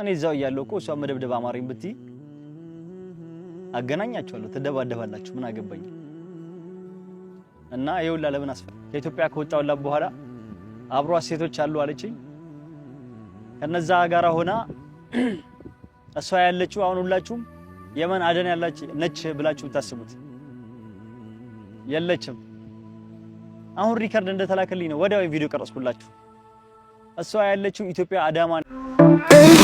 እኔ እዛው እያለሁ እኮ እሷ መደብደብ አማረኝ ብትይ አገናኛቸዋለሁ፣ ትደባደባላችሁ። ምን አገባኝ እና የውላ ለምን አስፈል ከኢትዮጵያ ከወጣሁላት በኋላ አብሯ ሴቶች አሉ አለችኝ። ከነዛ ጋራ ሆና እሷ ያለችው አሁን ሁላችሁም የመን አደን ያላች ነች ብላችሁ ብታስቡት የለችም። አሁን ሪከርድ እንደተላከልኝ ነው ወዲያው ቪዲዮ ቀረጽኩላችሁ። እሷ ያለችው ኢትዮጵያ አዳማ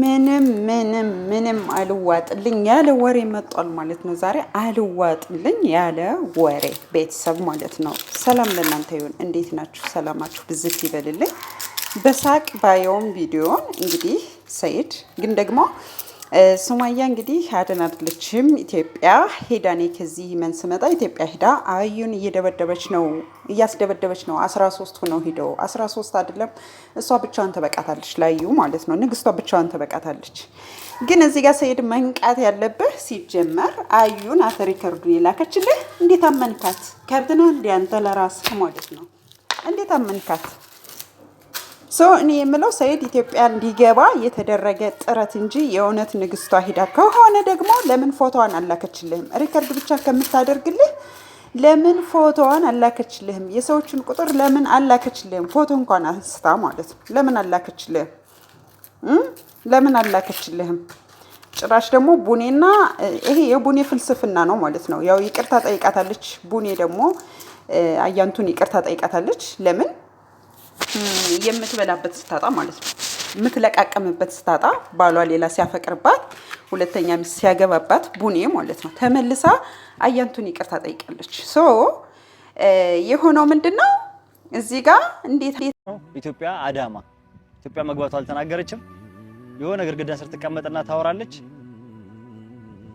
ምንም ምንም ምንም አልዋጥልኝ ያለ ወሬ መጧል ማለት ነው። ዛሬ አልዋጥልኝ ያለ ወሬ ቤተሰብ ማለት ነው። ሰላም ለእናንተ ይሁን። እንዴት ናችሁ? ሰላማችሁ ብዝት ይበልልኝ። በሳቅ ባየውም ቪዲዮን እንግዲህ ሰይድ ግን ደግሞ ሱማያ እንግዲህ አደን አይደለችም ኢትዮጵያ ሄዳ እኔ ከዚህ መን ስመጣ ኢትዮጵያ ሄዳ አዩን እየደበደበች ነው እያስደበደበች ነው። አስራ ሶስት ሆነው ሄደው አስራ ሶስት አይደለም እሷ ብቻዋን ተበቃታለች፣ ላዩ ማለት ነው ንግስቷ ብቻዋን ተበቃታለች። ግን እዚህ ጋር ሰሄድ መንቃት ያለብህ ሲጀመር አዩን አተ ሪከርዱን የላከችልህ እንዴት አመንካት? ከብት ነው እንዲህ አንተ ለራስህ ማለት ነው እንዴት አመንካት? ሰው እኔ የምለው ሰይድ ኢትዮጵያ እንዲገባ የተደረገ ጥረት እንጂ የእውነት ንግስቷ ሂዳ ከሆነ ደግሞ ለምን ፎቶዋን አላከችልህም? ሪከርድ ብቻ ከምታደርግልህ ለምን ፎቶዋን አላከችልህም? የሰዎችን ቁጥር ለምን አላከችልህም? ፎቶ እንኳን አንስታ ማለት ነው። ለምን አላከችልህም? ለምን አላከችልህም? ጭራሽ ደግሞ ቡኔና ይሄ የቡኔ ፍልስፍና ነው ማለት ነው። ያው ይቅርታ ጠይቃታለች። ቡኔ ደግሞ አያንቱን ይቅርታ ጠይቃታለች። ለምን የምትበላበት ስታጣ ማለት ነው፣ የምትለቃቀምበት ስታጣ፣ ባሏ ሌላ ሲያፈቅርባት፣ ሁለተኛ ሚስት ሲያገባባት ቡኔ ማለት ነው ተመልሳ አያንቱን ይቅርታ ጠይቃለች። ሶ የሆነው ምንድን ነው እዚህ ጋር እንዴት ኢትዮጵያ አዳማ ኢትዮጵያ መግባቷ አልተናገረችም። የሆነ ግድግዳ ስር ትቀመጥና ታወራለች።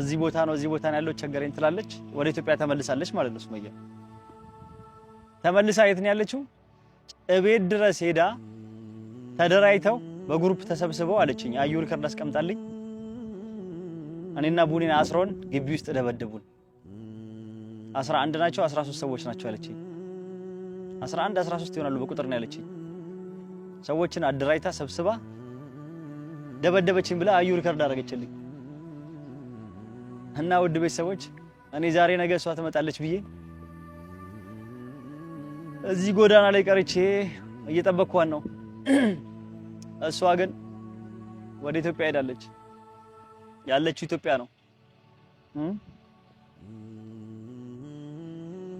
እዚህ ቦታ ነው እዚህ ቦታ ነው ያለው ቸገረኝ ትላለች። ወደ ኢትዮጵያ ተመልሳለች ማለት ነው። ሱመያ ተመልሳ የት ነው ያለችው? እቤት ድረስ ሄዳ ተደራይተው በግሩፕ ተሰብስበው አለችኝ። አዩ ሪከርድ አስቀምጣልኝ። እኔና ቡኒን አስሮን ግቢ ውስጥ ደበደቡን። 11 ናቸው 13 ሰዎች ናቸው አለችኝ። 11 13 ይሆናሉ በቁጥር ነው ያለችኝ። ሰዎችን አደራጅታ ሰብስባ ደበደበችኝ ብላ አዩ ሪከርድ አደረገችልኝ። እና ውድ ቤተሰቦች እኔ ዛሬ ነገ እሷ ትመጣለች ብዬ እዚህ ጎዳና ላይ ቀርቼ እየጠበቅኳን ነው። እሷ ግን ወደ ኢትዮጵያ ሄዳለች። ያለችው ኢትዮጵያ ነው።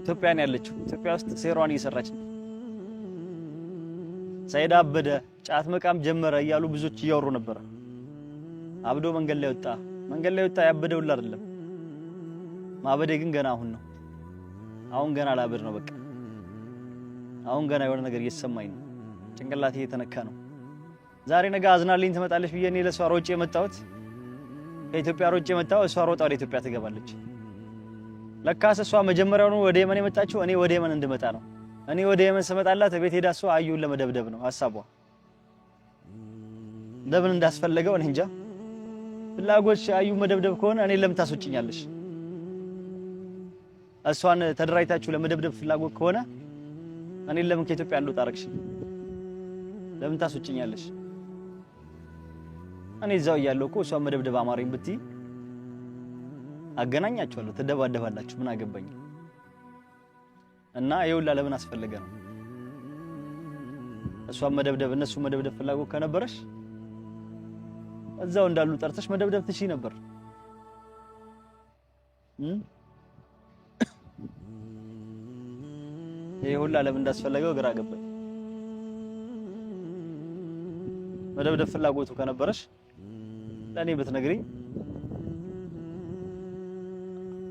ኢትዮጵያ ነው ያለችው። ኢትዮጵያ ውስጥ ሴሯን እየሰራች ነው። ሰይድ አበደ፣ ጫት መቃም ጀመረ እያሉ ብዙዎች እያወሩ ነበረ። አብዶ መንገድ ላይ ወጣ። መንገድ ላይ ወጣ ያበደውላ አይደለም። ማበዴ ግን ገና አሁን ነው። አሁን ገና ላብድ ነው በቃ አሁን ገና የሆነ ነገር እየተሰማኝ ነው። ጭንቅላት እየተነካ ነው። ዛሬ ነገ አዝናልኝ ትመጣለች ብዬ እኔ ለእሷ ሮጬ የመጣሁት ከኢትዮጵያ ሮጬ የመጣሁ እሷ ሮጣ ወደ ኢትዮጵያ ትገባለች። ለካስ እሷ መጀመሪያውኑ ወደ የመን የመጣችው እኔ ወደ የመን እንድመጣ ነው። እኔ ወደ የመን ስመጣላት ቤት ሄዳ እሷ አዩን ለመደብደብ ነው ሀሳቧ። ለምን እንዳስፈለገው እኔ እንጃ። ፍላጎች አዩ መደብደብ ከሆነ እኔ ለምን ታስወጭኛለሽ? እሷን ተደራጅታችሁ ለመደብደብ ፍላጎት ከሆነ እኔን ለምን ከኢትዮጵያ አንዱ አደረግሽ? ለምን ታስጭኛለሽ? እኔ እዛው እያለሁ እኮ እሷን መደብደብ አማረኝ ብትይ አገናኛችኋለሁ፣ ትደባደባላችሁ። ምን አገባኝ እና የውላ ለምን አስፈለገ ነው? እሷን መደብደብ እነሱ መደብደብ ፍላጎት ከነበረሽ እዛው እንዳሉ ጠርተሽ መደብደብ ትችይ ነበር። ይሄ ሁላ ለምን እንዳስፈለገው ግራ ገባኝ። መደብደብ ፍላጎቱ ከነበረሽ ለእኔ ብትነግሪኝ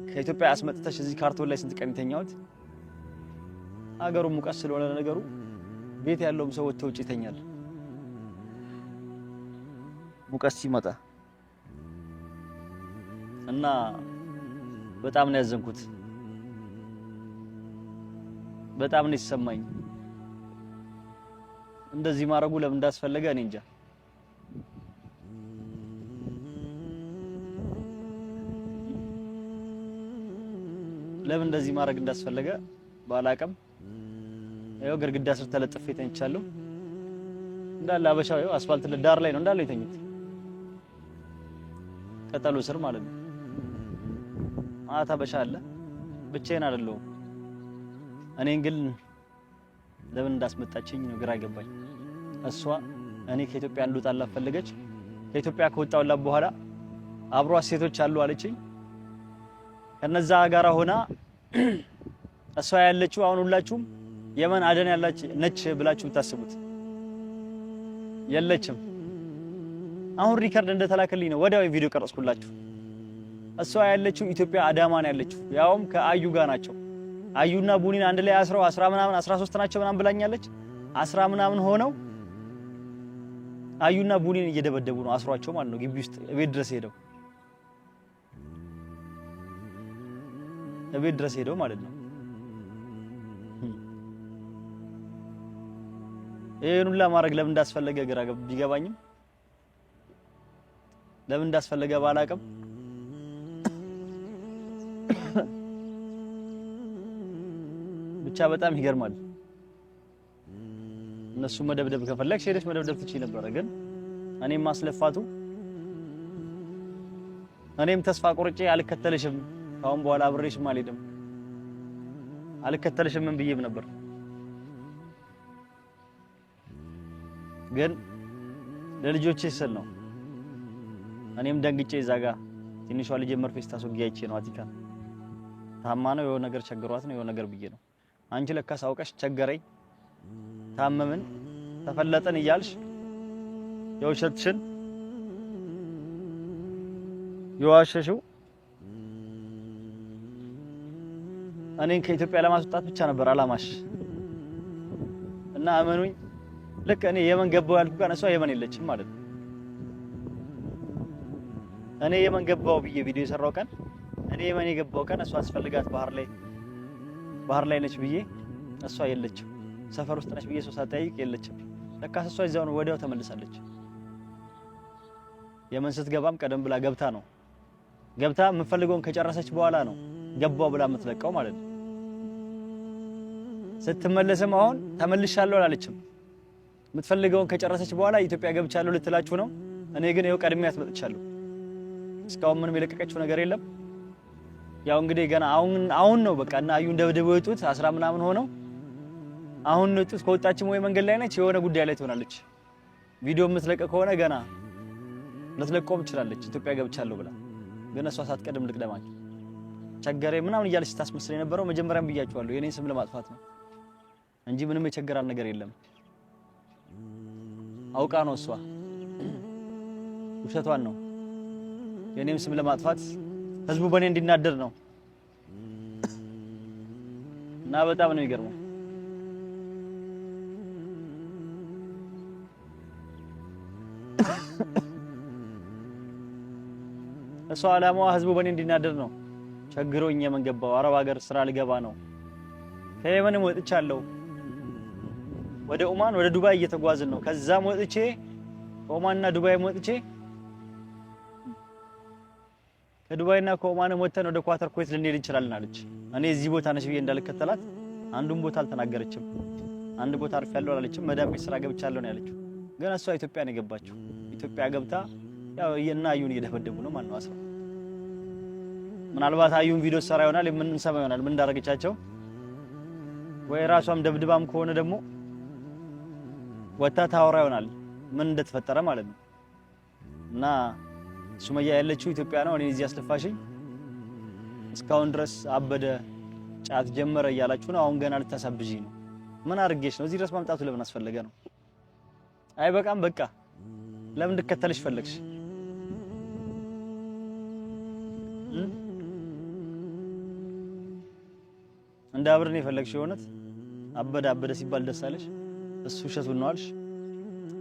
ከኢትዮጵያ አስመጥተሽ እዚህ ካርቶን ላይ ስንት ቀን ይተኛሁት። አገሩ ሙቀት ስለሆነ ነገሩ ቤት ያለውም ሰው ወጥቶ ውጭ ይተኛል። ሙቀት ሲመጣ እና በጣም ነው ያዘንኩት። በጣም ነው የተሰማኝ። እንደዚህ ማድረጉ ለምን እንዳስፈለገ እኔ እንጃ። ለምን እንደዚህ ማድረግ እንዳስፈለገ ባላቅም፣ ያው ግድግዳ ስር ተለጥፌ ተኝቻለሁ። እንዳለ አበሻው ያው አስፋልት ዳር ላይ ነው እንዳለ የተኙት ቅጠሉ ስር ማለት ነው። ማታ አበሻ አለ። ብቻዬን አይደለሁም። እኔን ግን ለምን እንዳስመጣችኝ ነው ግራ ገባኝ። እሷ እኔ ከኢትዮጵያ እንድወጣላት ፈለገች። ከኢትዮጵያ ከወጣውላ በኋላ አብሯ ሴቶች አሉ አለችኝ። ከነዛ ጋራ ሆና እሷ ያለችው አሁን ሁላችሁም የመን አደን ያላች ነች ብላችሁ ብታስቡት የለችም። አሁን ሪከርድ እንደተላከልኝ ነው ወዲያው ቪዲዮ ቀረጽኩላችሁ። እሷ ያለችው ኢትዮጵያ አዳማ ነው ያለችው፣ ያውም ከአዩ ጋር ናቸው። አዩና ቡኒን አንድ ላይ አስረው አስራ ምናምን አስራ ሶስት ናቸው ምናምን ብላኛለች። አስራ ምናምን ሆነው አዩና ቡኒን እየደበደቡ ነው፣ አስሯቸው ማለት ነው። ግቢ ውስጥ ቤት ድረስ ሄደው እቤት ድረስ ሄደው ማለት ነው። ይሄን ሁላ ማድረግ ለምን እንዳስፈለገ ግራ ቢገባኝም ለምን እንዳስፈለገ ባላቅም ብቻ በጣም ይገርማል። እነሱ መደብደብ ከፈለግሽ ሄደሽ መደብደብ ትችይ ነበረ፣ ግን እኔም ማስለፋቱ እኔም ተስፋ ቆርጬ አልከተልሽም፣ ካሁን በኋላ አብሬሽም አልሄድም፣ አልከተልሽም ምን ብዬም ነበር ግን ለልጆቼ ስል ነው። እኔም ደንግጬ እዛ ጋ ትንሿ ልጄ መርፌ ስታስወጊያቼ ነው። አቲካ ታማ ነው የሆነ ነገር ቸግሯት ነው የሆነ ነገር ብዬ ነው አንቺ ለካስ አውቀሽ ቸገረኝ፣ ታመምን፣ ተፈለጠን እያልሽ የውሸትሽን የዋሸሽው እኔን ከኢትዮጵያ ለማስወጣት ብቻ ነበር አላማሽ። እና እመኑኝ ልክ እኔ የመን ገባው ያልኩ ጋር እሷ የመን የለችም ማለት ነው። እኔ የመን ገባው ብዬ ቪዲዮ የሰራው ቀን እኔ የመን የገባው ቀን እሷ አስፈልጋት ባህር ላይ ባህር ላይ ነች ብዬ እሷ የለችም። ሰፈር ውስጥ ነች ብዬ ሰው ሳጠያይቅ የለችም። ለካ እሷ እዚያው ነው፣ ወዲያው ተመልሳለች። የመን ስትገባም ቀደም ብላ ገብታ ነው ገብታ የምፈልገውን ከጨረሰች በኋላ ነው ገባው ብላ የምትለቀው ማለት ነው። ስትመለስም አሁን ተመልሻለሁ አላለችም። የምትፈልገውን ከጨረሰች በኋላ ኢትዮጵያ ገብቻለሁ ልትላችሁ ነው። እኔ ግን ይኸው ቀድሜ ያስመጥቻለሁ። እስካሁን ምንም የለቀቀችው ነገር የለም። ያው እንግዲህ ገና አሁን አሁን ነው በቃ እና አዩን ደብድበው የወጡት አስራ ምናምን ሆነው አሁን ነው የወጡት። ከወጣችም ወይ መንገድ ላይ ነች፣ የሆነ ጉዳይ ላይ ትሆናለች። ቪዲዮ የምትለቅ ከሆነ ገና ልትለቆም ትችላለች። ኢትዮጵያ ገብቻለሁ ብላ ግን እሷ ሳትቀድም ልቅደማቸው ቸገሬ ምናምን እያለች ስታስመስል የነበረው መጀመሪያም ብያቸዋለሁ የኔን ስም ለማጥፋት ነው እንጂ ምንም የቸገራል ነገር የለም። አውቃ ነው እሷ ውሸቷን ነው የኔም ስም ለማጥፋት ህዝቡ በእኔ እንዲናደር ነው እና በጣም ነው የሚገርመው። እሷ አላማዋ ህዝቡ በእኔ እንዲናደር ነው። ቸግሮኝ የመን ገባው። አረብ ሀገር ስራ ልገባ ነው። ከየመንም ወጥቻለሁ። ወደ ኦማን ወደ ዱባይ እየተጓዝን ነው። ከዛም ወጥቼ ኦማንና ዱባይም ወጥቼ ከዱባይና ከኦማን ወተን ወደ ኳተር ኮይት ልንሄድ እንችላለን አለች። እኔ እዚህ ቦታ ነሽ ብዬ እንዳልከተላት አንዱን ቦታ አልተናገረችም። አንድ ቦታ አርፍ ያለው አላለችም። መዳም ስራ ገብቻለሁ ነው ያለችው። ግን እሷ ኢትዮጵያ ነው የገባችው። ኢትዮጵያ ገብታ ያው እና አዩን እየደበደቡ ነው ማለት ነው። ምናልባት አዩን ቪዲዮ ሰራ ይሆናል የምንሰማ ይሆናል ምን እንዳረገቻቸው ወይ ራሷም ደብድባም ከሆነ ደግሞ ወታ ታወራ ይሆናል ምን እንደተፈጠረ ማለት ነው እና ሱመያ ያለችው ኢትዮጵያ ነው። እኔ እዚህ አስለፋሽኝ እስካሁን ድረስ አበደ ጫት ጀመረ እያላችሁ ነው። አሁን ገና ልታሳብጂ ነው። ምን አድርጌሽ ነው? እዚህ ድረስ ማምጣቱ ለምን አስፈለገ ነው? አይ በቃም በቃ። ለምን እንድከተልሽ ፈለግሽ? እንደ አብርን የፈለግሽ የእውነት አበደ አበደ ሲባል ደስ አለሽ? እሱ ውሸቱን ነው አልሽ?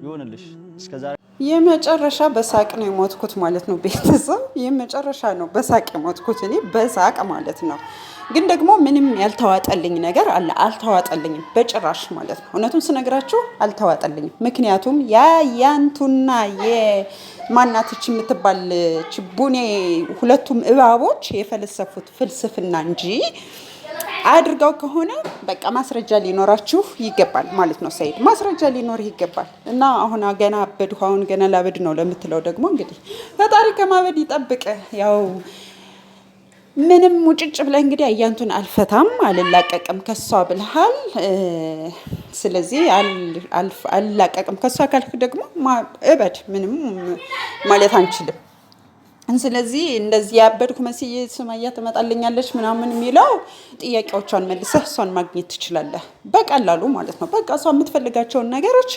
ይሆንልሽ እስከዛ የመጨረሻ በሳቅ ነው የሞትኩት ማለት ነው። ቤተሰብ የመጨረሻ ነው በሳቅ የሞትኩት እኔ በሳቅ ማለት ነው። ግን ደግሞ ምንም ያልተዋጠልኝ ነገር አለ። አልተዋጠልኝም በጭራሽ ማለት ነው። እውነቱን ስነግራችሁ አልተዋጠልኝም። ምክንያቱም ያ ያንቱና የማናትች የምትባል ችቡኔ ሁለቱም እባቦች የፈለሰፉት ፍልስፍና እንጂ አድርገው ከሆነ በቃ ማስረጃ ሊኖራችሁ ይገባል ማለት ነው። ሰይድ ማስረጃ ሊኖር ይገባል እና አሁን ገና አበድ አሁን ገና ላበድ ነው ለምትለው ደግሞ እንግዲህ ፈጣሪ ከማበድ ይጠብቅ። ያው ምንም ውጭጭ ብለህ እንግዲህ አያንቱን አልፈታም አልላቀቅም ከሷ ብልሃል። ስለዚህ አልላቀቅም ከሷ ካልክ ደግሞ እበድ፣ ምንም ማለት አንችልም። ስለዚህ እንደዚህ ያበድኩ መስዬ ሱመያ ትመጣልኛለች ምናምን የሚለው ጥያቄዎቿን መልሰህ እሷን ማግኘት ትችላለህ፣ በቀላሉ ማለት ነው። በቃ እሷ የምትፈልጋቸውን ነገሮች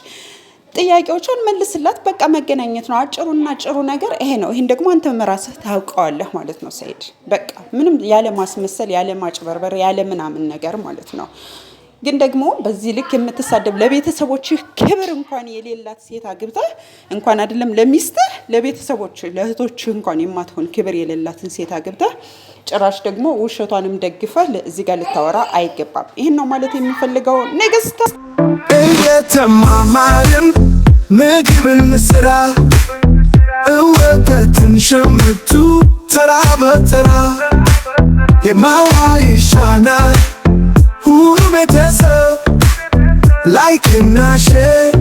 ጥያቄዎቿን መልስላት። በቃ መገናኘት ነው። አጭሩና አጭሩ ነገር ይሄ ነው። ይህን ደግሞ አንተ ራስህ ታውቀዋለህ ማለት ነው ሰኢድ። በቃ ምንም ያለ ማስመሰል፣ ያለ ማጭበርበር፣ ያለ ምናምን ነገር ማለት ነው። ግን ደግሞ በዚህ ልክ የምትሳደብ ለቤተሰቦችህ ክብር እንኳን የሌላት ሴት አግብተህ እንኳን አይደለም ለሚስትህ ለቤተሰቦች ለእህቶችህ እንኳን የማትሆን ክብር የሌላትን ሴት አግብተህ ጭራሽ ደግሞ ውሸቷንም ደግፈህ እዚህ ጋር ልታወራ አይገባም። ይህን ነው ማለት የሚፈልገው ንግስት። እየተማማርን ምግብን ስራ እወተትን ሸምቱ ተራ በተራ የማዋ ይሻናል ሁሉ ቤተሰብ ላይክ እና ሼር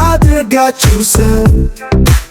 አድርጋችሁ ሰብ